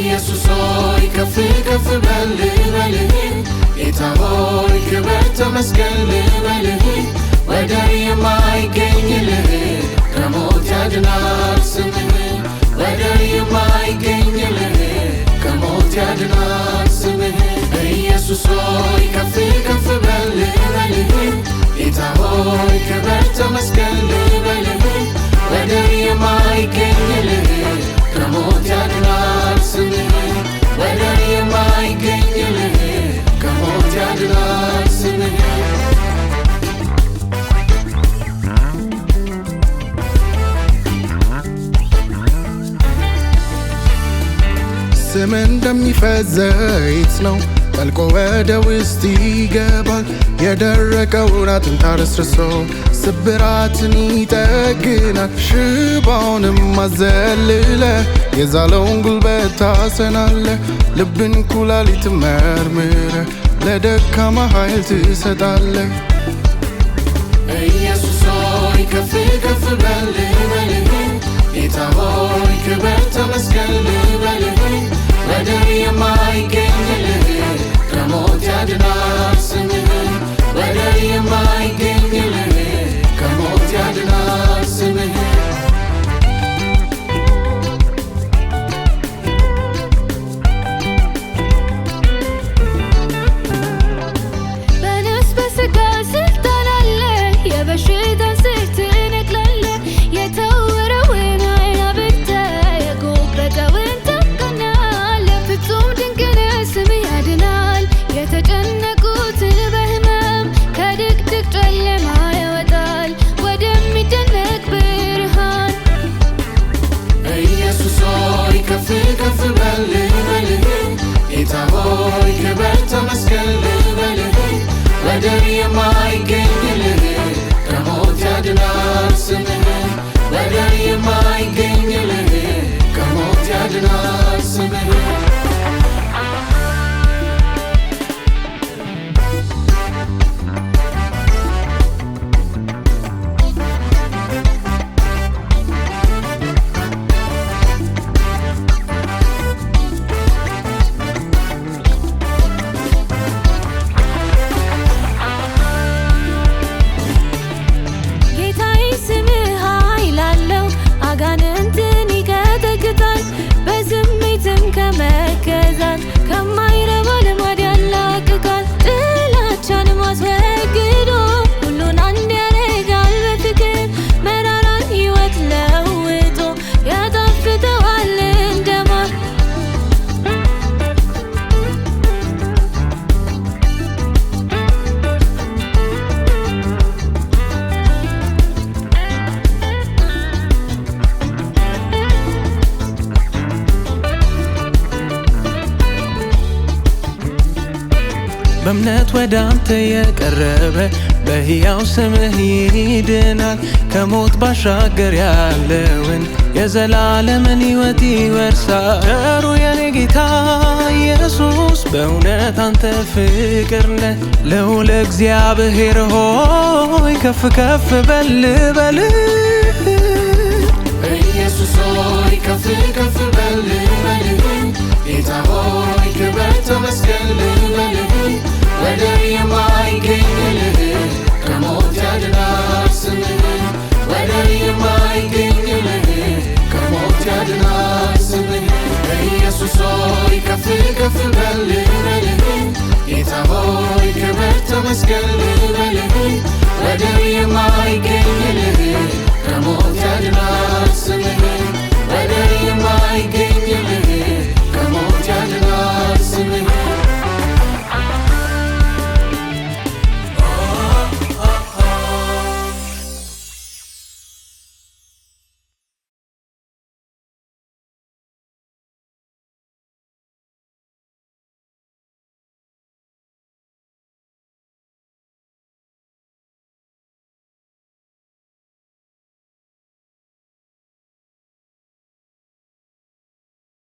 ኢየሱስ ሆይ ከፍ ከፍ በል ልበልህ፣ ጌታ ሆይ ክብር ተመስገን ልበልህ፣ ወደር የማይገኝልህ ከሞት ያድናል ስምህ፣ ወደር የማይገኝልህ ከሞት ያድናል ስምህ ኢየሱስ ሆይ ለምን እንደሚፈዝ ዘይት ነው ጠልቆ ወደ ውስጥ ይገባል። የደረቀውን አጥንት አርስርሶ ስብራትን ይጠግናል። ሽባውንም አዘልለ የዛለውን ጉልበት ታሰናለ። ልብን ኩላሊት መርምረ ለደካማ ኃይል ትሰጣለ። ኢየሱስ ሆይ ከፍ ከፍ በል የማይገኝልህ ከሞት ያድናል ስምህ በእምነት ወደ አንተ የቀረበ በሕያው ስምህ ይድናል። ከሞት ባሻገር ያለውን የዘላለምን ሕይወት ይወርሳል። ቸሩ የኔ ጌታ ኢየሱስ በእውነት አንተ ፍቅር ነህ። ልዑል እግዚአብሔር ሆይ ከፍ ከፍ በል በል ኢየሱስ ሆይ ከፍ ከፍ በል ሆይ ክብር ተመስገን ልበልህ ወደር የማይገኝልህ ከሞት ያድናል ስምህ ወደር የማይገኝ